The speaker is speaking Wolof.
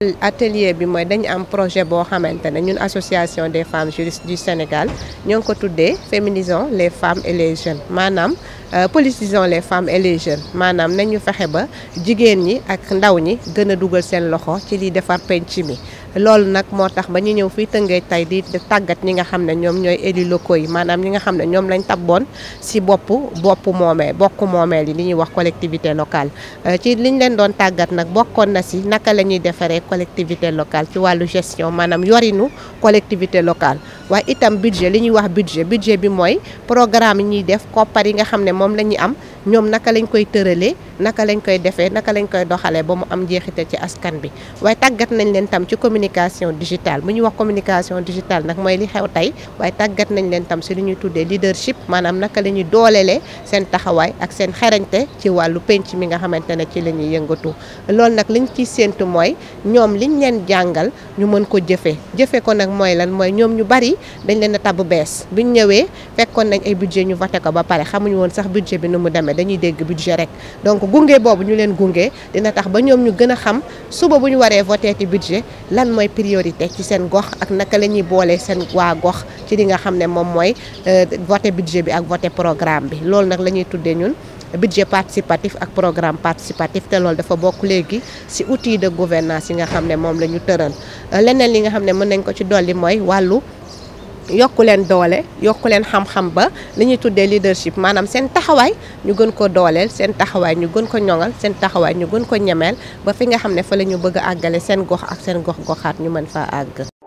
L'atelier, bi un projet de xamantene association des femmes juristes du Sénégal Nous, ko féminisons les femmes et les jeunes euh, politisons les femmes et les jeunes Manam, nañu nous ba jigéen ñi ak ndaw ñi gën a dugal loxo ci li defar penc L'ol Nak nag moo ba ñu ñëw fi tëngee tay di tàggat ñi nga xamné ñom ñoom élu élus locaux yi manam ñi nga xam les lañ Nous si bopp bo moomee bokk momé li ñi wax collectivité locale euh, ci liñ leen doon na si naka collectivité locale ci gestion Manam yorinu collectivité locale waaye itam budget li ñuy wax budget budget bi mooy programme yi ñuy def koppar yi nga xam ne moom la ñuy am ñoom naka lañ koy tëralee naka lañ koy defee naka lañ koy doxalee ba mu am njeexital ci askan bi waaye tàggat nañ leen tam ci communication digitale bu ñu wax communication digitale nag mooy li xew tey waaye tàggat nañ leen tam si li ñuy tuddee leadership maanaam naka lañuy ñuy doolelee seen taxawaay ak seen xerañte ci wàllu penc mi nga xamante ne ci la ñuy yëngatu loolu nag li ñu ciy séentu mooy ñoom liñ leen jàngal ñu mën ko jëfee jëfee ko nag mooy lan mooy ñoom ñu bari dañ leen a tabb bees biñ ñëwee fekkoon nañ ay budget ñu voté ko ba pare xamuñu woon sax budget bi nu mu demee xamee dañuy dégg budget rek donc gunge boobu ñu leen gunge dina tax ba ñoom ñu gën a xam suba bu ñu waree voté ci budget lan mooy priorité ci seen gox ak naka la ñuy boolee seen waa gox ci li nga xam ne moom mooy euh, voté budget bi ak voté programme bi loolu nag la ñuy tuddee ñun budget participatif ak programme participatif te loolu dafa bokk léegi ci outil de gouvernance yi nga xam ne moom la ñu tëral euh, leneen li nga xam ne mën nañ ko ci dolli mooy wàllu yokku leen doole yokku leen xam-xam ba li ñuy tuddee leadership maanaam seen taxawaay ñu gën ko dooleel seen taxawaay ñu gën ko ñoŋal seen taxawaay ñu gën ko ñemeel ba fi nga xam ne fa la ñu bëgg a àggale seen gox ak seen gox goxaat ñu mën faa àgg.